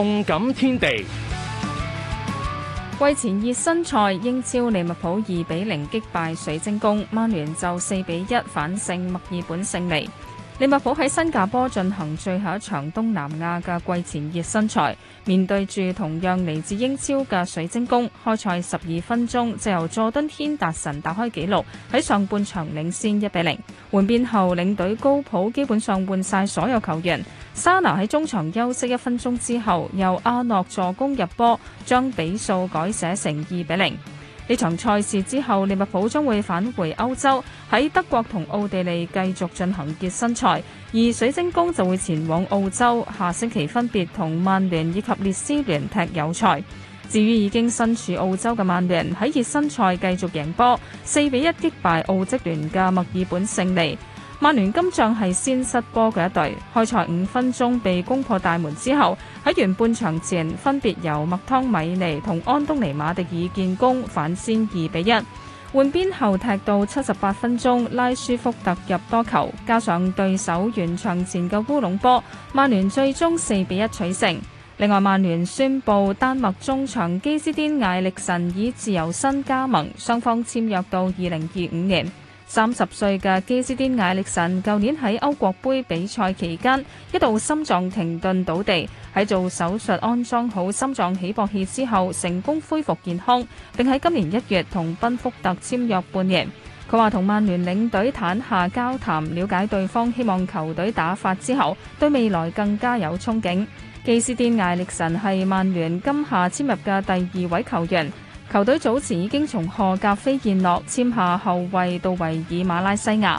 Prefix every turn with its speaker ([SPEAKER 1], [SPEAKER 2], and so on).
[SPEAKER 1] 動感天地，季前熱身賽，英超利物浦二比零擊敗水晶宮，曼聯就四比一反勝墨爾本勝利。利物浦喺新加坡進行最後一場東南亞嘅季前熱身賽，面對住同樣嚟自英超嘅水晶宮。開賽十二分鐘就由佐敦軒達臣打開紀錄，喺上半場領先一比零。換邊後領隊高普基本上換晒所有球員。沙拿喺中場休息一分鐘之後，由阿諾助攻入波，將比數改寫成二比零。呢場賽事之後，利物浦將會返回歐洲，喺德國同奧地利繼續進行熱身賽，而水晶宮就會前往澳洲，下星期分別同曼聯以及列斯聯踢友賽。至於已經身處澳洲嘅曼聯，喺熱身賽繼續贏波，四比一擊敗澳職聯嘅墨爾本勝利。曼聯今仗係先失波嘅一隊，開賽五分鐘被攻破大門之後，喺完半場前分別由麥湯米尼同安東尼馬迪爾建功反先二比一。換邊後踢到七十八分鐘，拉舒福特入多球，加上對手完場前嘅烏龍波，曼聯最終四比一取勝。另外，曼聯宣布丹麥中場基斯丁艾力神以自由身加盟，雙方簽約到二零二五年。三十歲嘅基斯甸艾力神，舊年喺歐國杯比賽期間一度心臟停頓倒地，喺做手術安裝好心臟起搏器之後，成功恢復健康，並喺今年一月同賓福特簽約半年。佢話同曼聯領隊坦下交談，了解對方希望球隊打法之後，對未來更加有憧憬。基斯甸艾力神係曼聯今夏簽入嘅第二位球員。球隊早前已經從荷甲飛燕諾簽下後衛杜維爾馬拉西亞。